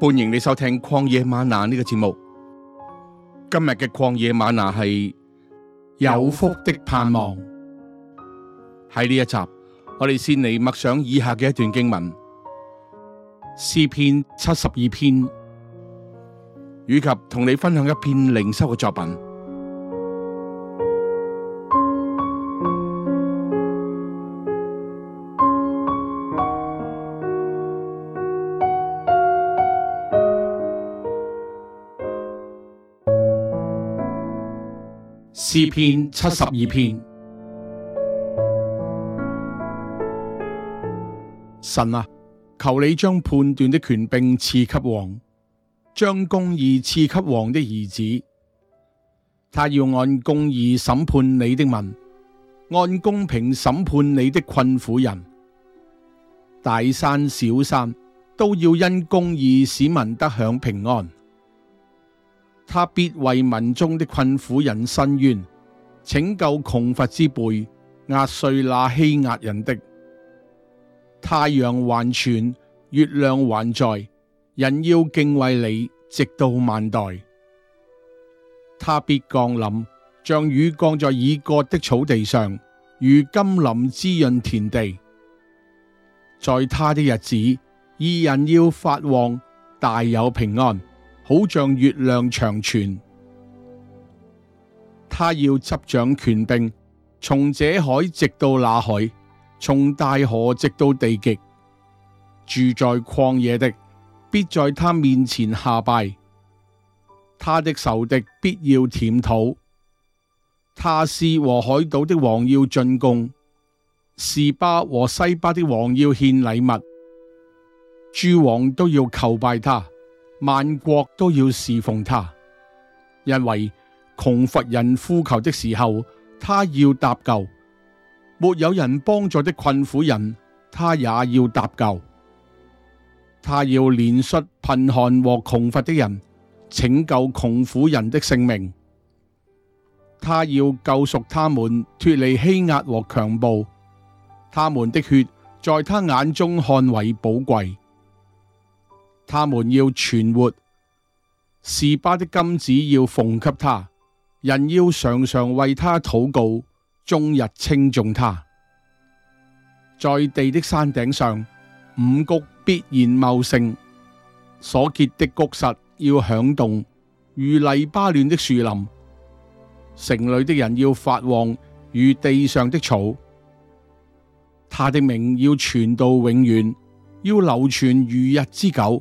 歡迎你收聽曠野嗎哪呢個節目。今日嘅曠野嗎哪係有福的盼望。喺呢一集，我哋先嚟默想以下嘅一段經文，詩篇七十二篇，以及同你分享一篇靈修嘅作品。詩篇七十二篇。神啊，求你將判斷的權柄賜給王，將公義賜給王的兒子。他要按公義審判你的民，按公平審判你的困苦人。大山小山都要因公義，使民得享平安。他必為民中的困苦人伸冤，拯救窮乏之輩，壓碎那欺壓人的。太陽還存，月亮還在，人要敬畏你，直到萬代。他必降臨，像雨降在已割的草地上，如甘霖滋潤田地。在他的日子，義人要發旺，大有平安。好像月亮長存，他要執掌權柄。從這海直到那海，從大河直到地極。住在曠野的必在他面前下拜，他的仇敵必要舔土。他施和海島的王要進貢，示巴和西巴的王要獻禮物，諸王都要叩拜他。萬國都要侍奉他，因為窮乏人呼求的時候，他要搭救；沒有人幫助的困苦人，他也要搭救。他要憐恤貧寒和窮乏的人，拯救窮苦人的性命。他要救贖他們脫離欺壓和強暴，他們的血在他眼中看為寶貴。他們要存活，示巴的金子要奉給他，人要常常為他禱告，終日稱頌他。在地的山頂上，五穀必然茂盛，所結的穀實要響動，如黎巴嫩的樹林。城裡的人要發旺，如地上的草。他的名要傳到永遠，要流傳如日之久。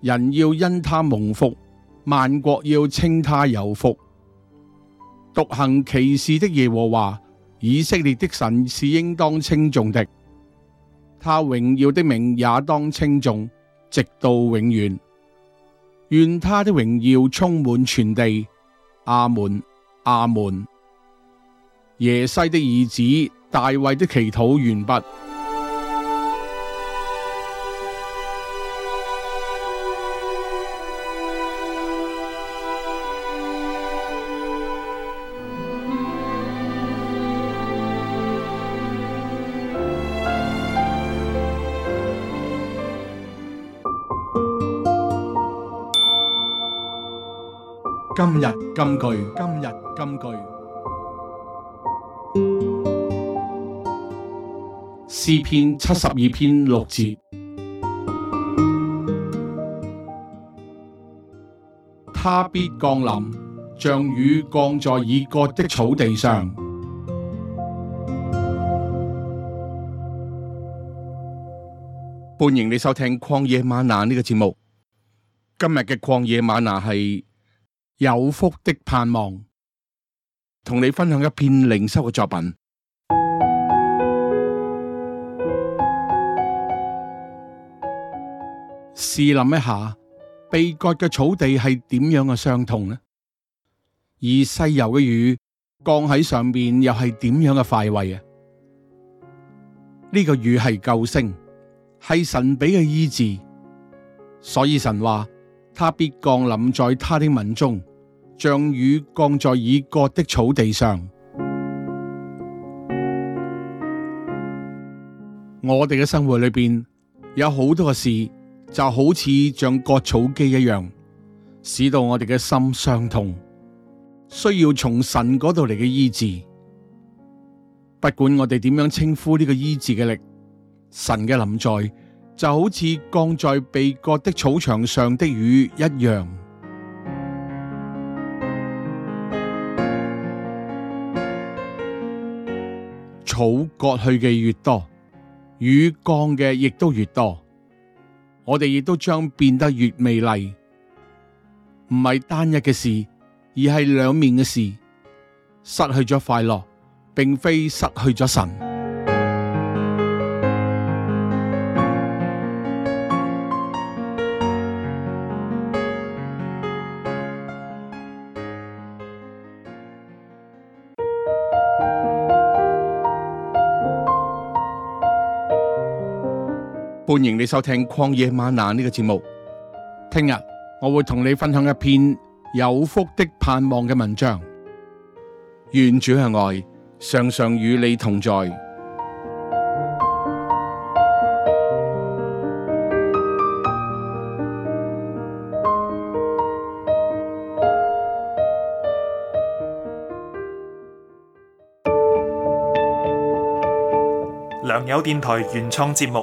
人要因他蒙福，萬國要稱他有福。獨行奇事的耶和華，以色列的神是應當稱頌的。他榮耀的名也當稱頌，直到永遠。願他的榮耀充滿全地。阿門，阿門。耶西的兒子大衛的祈禱完畢。今日金句，今日金句，詩篇七十二篇六節，他必降臨，像雨降在已割的草地上。歡迎你收聽曠野嗎哪呢個節目。今日嘅曠野嗎哪係。有福的盼望，同你分享一篇靈修嘅作品。試諗 一下，被割嘅草地係點樣嘅傷痛呢？而西游嘅雨降喺上面又，又係點樣嘅快慰啊？呢個雨係救星，係神俾嘅醫治，所以神話他必降臨在他的民中。像雨降在已割的草地上，我哋嘅生活裏邊有好多嘅事，就好似像割草機一樣，使到我哋嘅心傷痛，需要從神嗰度嚟嘅醫治。不管我哋點樣稱呼呢個醫治嘅力，神嘅臨在就好似降在被割的草場上的雨一樣。草割去嘅越多，雨降嘅亦都越多，我哋亦都將變得越美麗。唔係單一嘅事，而係兩面嘅事。失去咗快樂，並非失去咗神。歡迎你收聽曠野嗎哪呢個節目。聽日我會同你分享一篇有福的盼望嘅文章。願主嘅愛常常與你同在。良友電台原創節目。